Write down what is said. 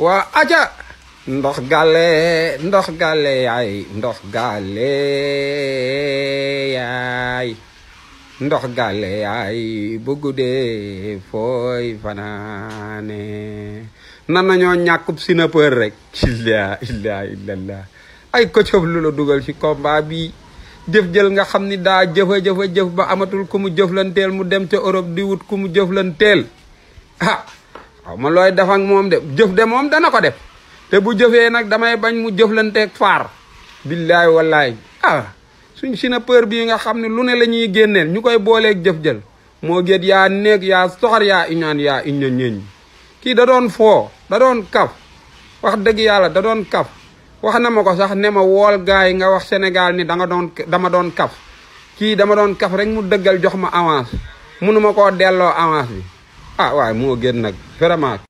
waa aja ndox gale ndox gale yaay ndox gale yaay ndox gale yaay bu guddee fooy fanaane nan nañoo ñàkkub sinapeur rek illaa illaa illallah ay kocob lu la dugal ci combat bi jëf-jël nga xam ni daa jëfa-jëfa jëf ba amatul ku mu jëflanteel mu dem ca Europe di wut ku mu jëflanteel ah xaw ma looy def moom de jëf de moom dana ko def te bu jëfee nag damay bañ mu jëflanteeg faar billaay wallaay ah suñ sinapeur bii nga xam ne lu ne la ñuy génneel ñu koy booleeg jëf-jël moo géet yaa néeg yaa soxar yaa iñaan yaa iña ñeeñ kii da doon foo da doon kaf wax dëgg yàlla da doon kaf wax na ma ko sax ne ma wool gars yi nga wax Sénégal ni da doon dama doon kaf kii dama doon kaf rek mu dëggal jox ma avance mënuma ma koo delloo avance bi ah waaye moo gën nag vraiment